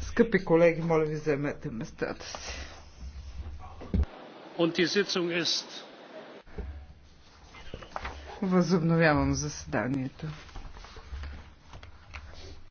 Скъпи колеги, моля ви, заемете местата си. Възобновявам заседанието.